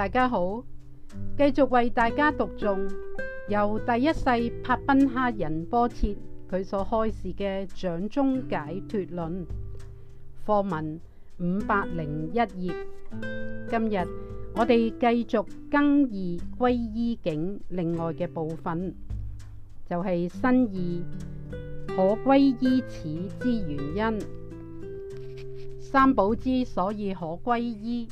大家好，繼續為大家讀誦由第一世帕繃喀仁波切佢所開示嘅《掌中解脱論》課文五百零一頁。今日我哋繼續庚二歸依境，另外嘅部分就係、是、辛二可歸依此之原因，三寶之所以可歸依。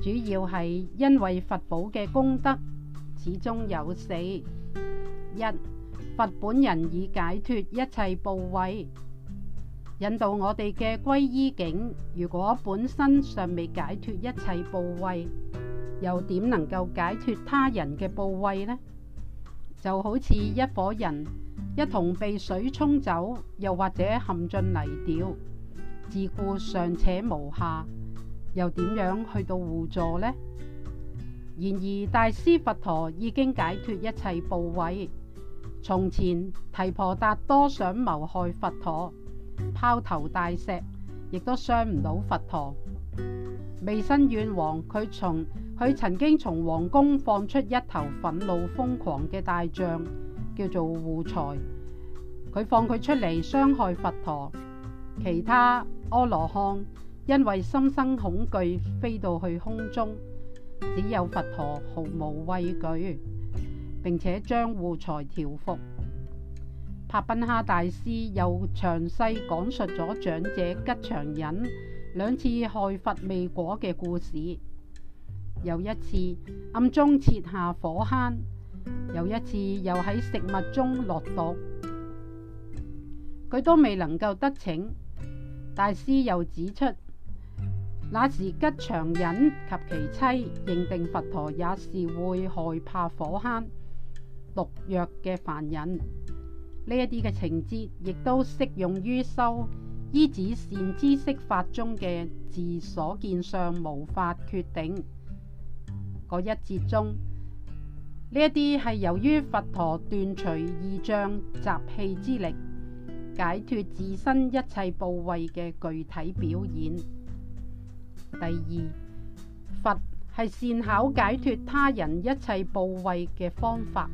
主要係因為佛寶嘅功德始終有四：一、佛本人已解脱一切怖畏，引導我哋嘅皈依境。如果本身尚未解脱一切怖畏，又點能夠解脱他人嘅怖畏呢？就好似一伙人一同被水沖走，又或者陷進泥沼，自顧尚且無下。又點樣去到互助呢？然而大師佛陀已經解脱一切怖畏。從前提婆達多想謀害佛陀，拋投大石，亦都傷唔到佛陀。未生怨王，佢從佢曾經從王宮放出一頭憤怒瘋狂嘅大象，叫做護財，佢放佢出嚟傷害佛陀。其他阿羅漢。因為心生恐懼，飛到去空中，只有佛陀毫無畏懼，並且將護財調伏。帕賓哈大師又詳細講述咗長者吉祥人兩次害佛未果嘅故事。有一次暗中設下火坑，又一次又喺食物中落毒，佢都未能夠得逞。大師又指出。那時吉祥人及其妻認定佛陀也是會害怕火坑毒藥嘅凡人，呢一啲嘅情節亦都適用於修依止善知識法中嘅自所見相無法決定嗰一節中。呢一啲係由於佛陀斷除意障習氣之力，解脫自身一切部位嘅具體表現。第二，佛係善巧解脱他人一切怖畏嘅方法。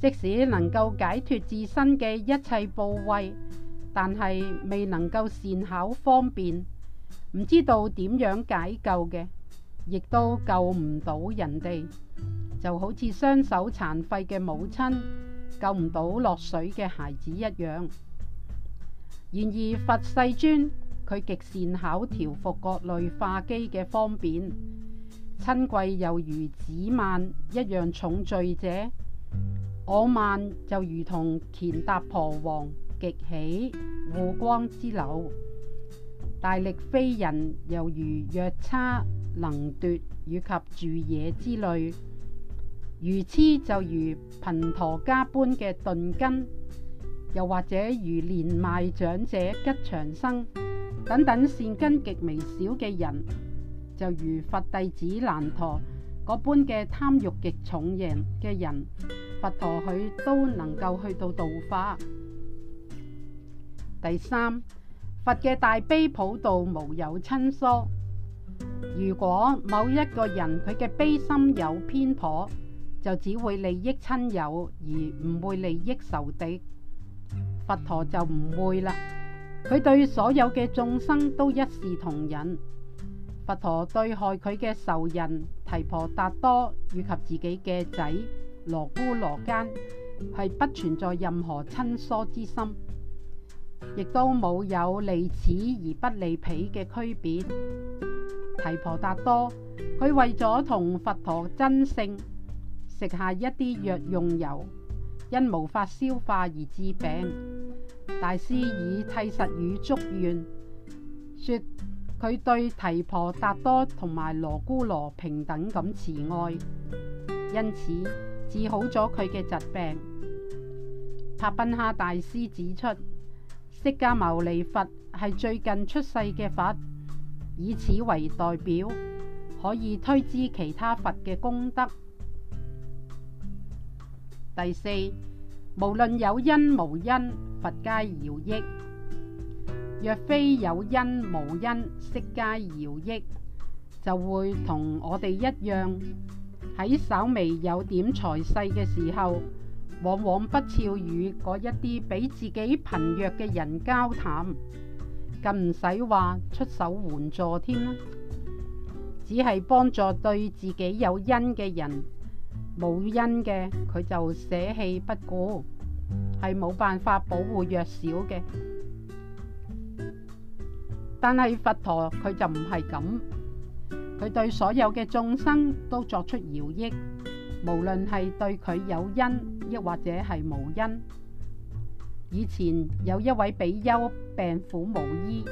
即使能夠解脱自身嘅一切怖畏，但係未能夠善巧方便，唔知道點樣解救嘅，亦都救唔到人哋。就好似雙手殘廢嘅母親救唔到落水嘅孩子一樣。然而，佛世尊。佢極善巧調伏各類化機嘅方便，親貴又如子曼一樣，重罪者，我慢就如同乾達婆王極起護光之流。大力非人又如若差能奪以及住嘢之類，如痴就如貧陀家般嘅鈍根，又或者如年邁長者吉祥生，等等善根極微小嘅人，就如佛弟子難陀嗰般嘅貪欲極重型嘅人，佛陀佢都能夠去到度化。第三，佛嘅大悲普度無有親疏。如果某一個人佢嘅悲心有偏頗，就只會利益親友而唔會利益仇敵。佛陀就唔會啦。佢對所有嘅眾生都一視同仁。佛陀對害佢嘅仇人提婆達多，以及自己嘅仔羅睺羅間係不存在任何親疏之心，亦都冇有，有利此而不利彼嘅區別。提婆達多，佢為咗同佛陀真性食下一啲藥用油，因無法消化而致病。大師以替實語祝願說，佢對提婆達多同埋羅姑羅平等咁慈愛，因此治好咗佢嘅疾病。帕賓哈大師指出，釋迦牟尼佛係最近出世嘅佛，以此為代表，可以推知其他佛嘅功德。第四，無論有因無因。佛家饒益，若非有恩無恩，悉皆饒益，就會同我哋一樣，喺稍微有點財勢嘅時候，往往不屑與嗰一啲比自己貧弱嘅人交談，更唔使話出手援助添，只係幫助對自己有恩嘅人，冇恩嘅佢就捨棄不顧。係冇辦法保護弱小嘅，但係佛陀佢就唔係咁，佢對所有嘅眾生都作出饒益，無論係對佢有恩，亦或者係無恩。以前有一位比丘病苦無醫，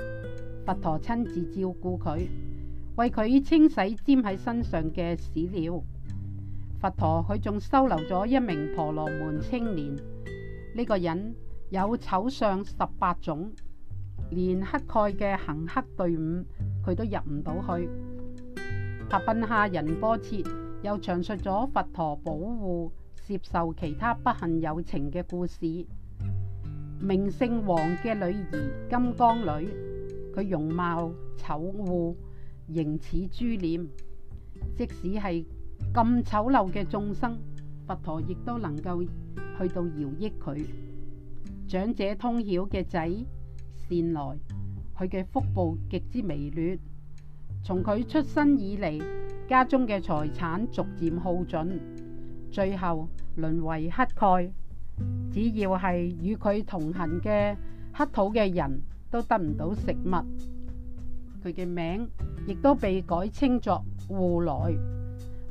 佛陀親自照顧佢，為佢清洗沾喺身上嘅屎尿。佛陀佢仲收留咗一名婆羅門青年。呢個人有醜相十八種，連乞丐嘅行乞隊伍佢都入唔到去。阿賓下仁波切又詳述咗佛陀保護、接受其他不幸有情嘅故事。明聖王嘅女兒金剛女，佢容貌醜惡，形似豬臉，即使係咁醜陋嘅眾生。佛陀亦都能夠去到饒益佢，長者通曉嘅仔善來，佢嘅福報極之微劣。從佢出生以嚟，家中嘅財產逐漸耗盡，最後淪為乞丐。只要係與佢同行嘅乞討嘅人都得唔到食物，佢嘅名亦都被改稱作護來。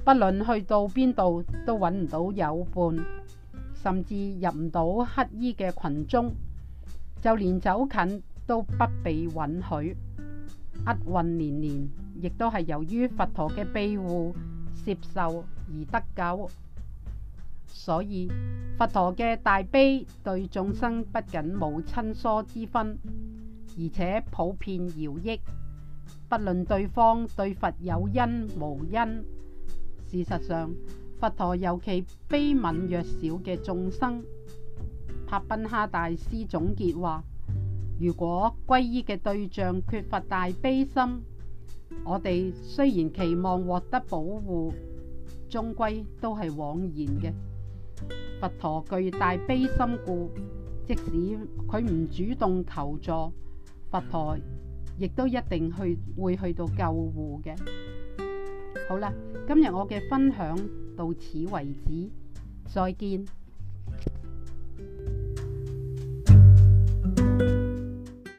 不論去到邊度都揾唔到友伴，甚至入唔到乞衣嘅群中，就連走近都不被允許。厄運連連，亦都係由於佛陀嘅庇護攝受而得救。所以佛陀嘅大悲對眾生不僅冇親疏之分，而且普遍饒益，不論對方對佛有恩無恩。事實上，佛陀尤其悲憫弱小嘅眾生。帕賓哈大師總結話：「如果皈依嘅對象缺乏大悲心，我哋雖然期望獲得保護，終歸都係枉然嘅。」佛陀具大悲心故，即使佢唔主動求助，佛陀亦都一定去會去到救護嘅。好啦，今日我嘅分享到此為止，再見。